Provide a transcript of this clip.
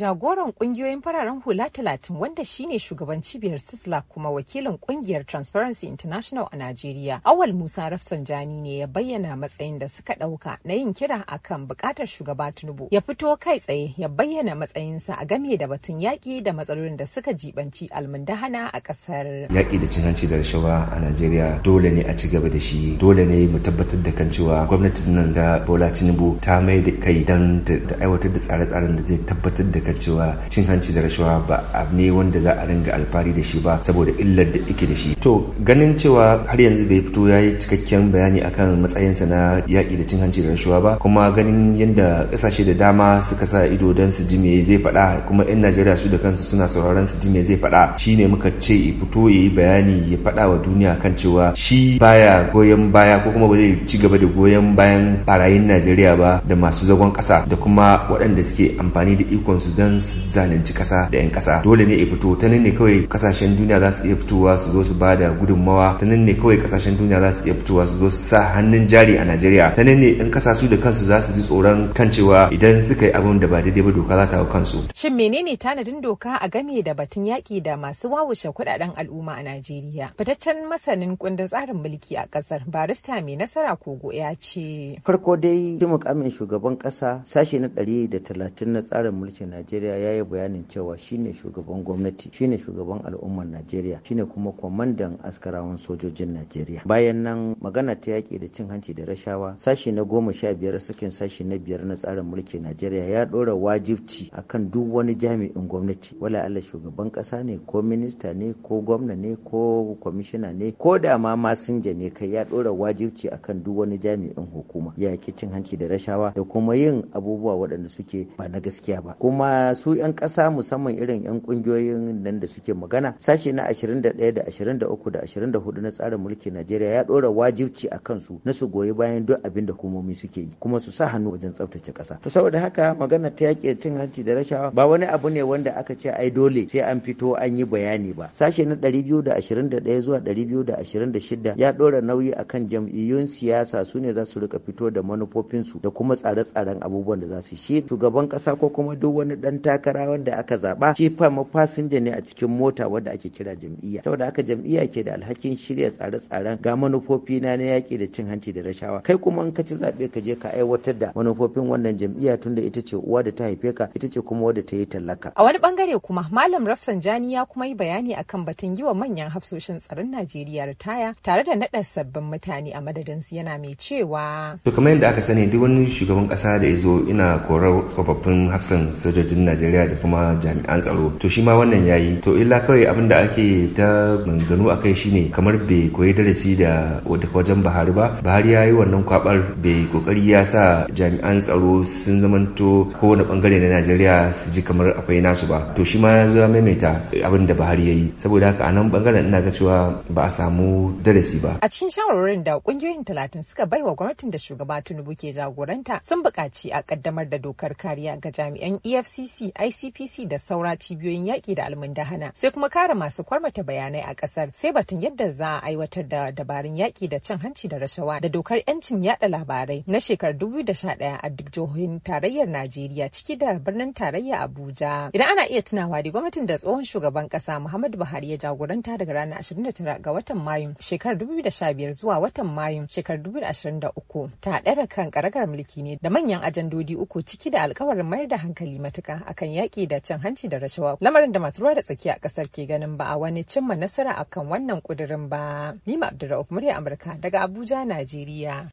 jagoran kungiyoyin fararen hula talatin wanda shine shugaban cibiyar sisla kuma wakilin kungiyar transparency international a najeriya awal musa rafsanjani ne ya bayyana matsayin da suka dauka na yin kira akan bukatar shugaba tinubu ya fito kai tsaye ya bayyana matsayinsa a game da batun yaƙi da matsalolin da suka jibanci almundahana a ƙasar yaƙi da cin hanci da rashawa a najeriya dole ne a ci gaba da shi dole ne mu tabbatar da kan cewa gwamnatin nan da bola tinubu ta mai da kai dan da aiwatar da tsare-tsaren da zai tabbatar da ga cewa cin hanci da rashawa ba abu ne wanda za a ringa alfahari da shi ba saboda illar da ike da shi to ganin cewa har yanzu bai fito ya yi cikakken bayani akan matsayinsa na yaƙi da cin hanci da rashawa ba kuma ganin yadda ƙasashe da dama suka sa ido don su ji me zai faɗa kuma 'yan najeriya su da kansu suna sauraron su ji me zai faɗa shi shine muka ce ya fito ya yi bayani ya faɗa wa duniya kan cewa shi baya goyon baya ko kuma ba zai ci gaba da goyon bayan barayin najeriya ba da masu zagon ƙasa da kuma waɗanda suke amfani da ikonsu don su zalunci kasa da 'yan kasa dole ne ya fito ta nan ne kawai kasashen duniya za su iya fitowa su zo su ba da gudunmawa ta nan ne kawai kasashen duniya za su iya fitowa su zo su sa hannun jari a najeriya ta nan ne 'yan kasa su da kansu za su ji tsoron kan cewa idan suka yi abin da ba daidai ba doka za ta hau kansu shin menene tanadin doka a game da batun yaƙi da masu wawushe kuɗaɗen al'umma a najeriya fitaccen masanin kundin tsarin mulki a ƙasar barista mai nasara kogo ya ce farko dai mukamin shugaban ƙasa sashi na talatin na tsarin mulkin Najeriya ya yi bayanin cewa shine shugaban gwamnati, shine shugaban al'ummar Najeriya, shine kuma kwamandan askarawan sojojin Najeriya. Bayan nan magana ta yaƙi da cin hanci da rashawa, sashi na goma sha biyar sakin sashi na biyar na tsarin mulki Najeriya ya ɗora wajibci akan duk wani jami'in gwamnati, wala Allah shugaban ƙasa ne ko minista ne ko gwamna ne ko kwamishina ne ko da ma masinja ne kai ya ɗora wajibci akan duk wani jami'in hukuma. Yaƙi cin hanci da rashawa da kuma yin abubuwa waɗanda suke ba na gaskiya ba. Kuma kuma su 'yan ƙasa musamman irin 'yan ƙungiyoyin nan da suke magana sashe na 21 da 23 da 24 na tsarin mulkin Najeriya ya ɗora wajibci a kansu na su goyi bayan duk abin da hukumomi suke yi kuma su sa hannu wajen tsaftace ƙasa. To saboda haka magana ta yaƙi cin hanci da rashawa ba wani abu ne wanda aka ce ai dole sai an fito an yi bayani ba. Sashe na 221 zuwa 226 ya ɗora nauyi akan jam'iyyun siyasa su ne za su rika fito da manufofinsu da kuma tsare-tsaren abubuwan da za su shi shugaban ƙasa ko kuma duk wani wani dan takara wanda aka zaba shi fama fasinja ne a cikin mota wanda ake kira jam'iyya saboda aka jam'iyya ke da alhakin shirya tsare-tsaren ga manufofi na na yaki da cin hanci da rashawa kai kuma in ka ci zabe ka je ka aiwatar da manufofin wannan jam'iyya tunda ita ce uwa da ta haife ka ita ce kuma wadda ta yi tallaka a wani bangare kuma malam rafsanjani ya kuma yi bayani akan batun yi wa manyan hafsoshin tsaron najeriya taya, tare da naɗa sabbin mutane a su yana mai cewa to kamar yadda aka sani duk wani shugaban ƙasa da ya ina korar tsofaffin hafsan sojoji sojojin najeriya da kuma jami'an tsaro to shi ma wannan yayi to illa kawai abin da ake ta a akai shine kamar bai koyi darasi da wajen buhari ba buhari ya yi wannan kwabar bai kokari ya sa jami'an tsaro sun zamanto kowane bangare na najeriya su ji kamar akwai nasu ba to shi ma ya zo maimaita abin da buhari ya yi saboda haka a nan bangaren ina ga cewa ba a samu darasi ba a cikin shawarwarin da kungiyoyin talatin suka bai wa gwamnatin da shugaba tunubu ke jagoranta sun buƙaci a kaddamar da dokar kariya ga jami'an efc ICC, ICPC da saura cibiyoyin yaƙi da almundahana. Sai kuma kare masu kwarmata bayanai a ƙasar sai batun yadda za a aiwatar da dabarun yaƙi da cin hanci da rashawa da dokar 'yancin yaɗa labarai na shekarar 2011 a duk jihohin tarayyar Najeriya ciki da birnin tarayya Abuja. Idan ana iya tunawa da gwamnatin da tsohon shugaban ƙasa Muhammadu Buhari ya jagoranta daga ranar 29 ga watan Mayu shekarar 2015 zuwa watan Mayu shekarar 2023 ta ɗara kan ƙaragar mulki ne da manyan ajandodi uku ciki da alkawarin mayar da hankali matuƙa Afirka akan yaki da cin hanci da rashawa lamarin da masu ruwa da tsaki a kasar ke ganin ba a wani cimma nasara akan wannan ƙudurin ba. Nima Abdulrahman murya Amurka daga Abuja, Najeriya.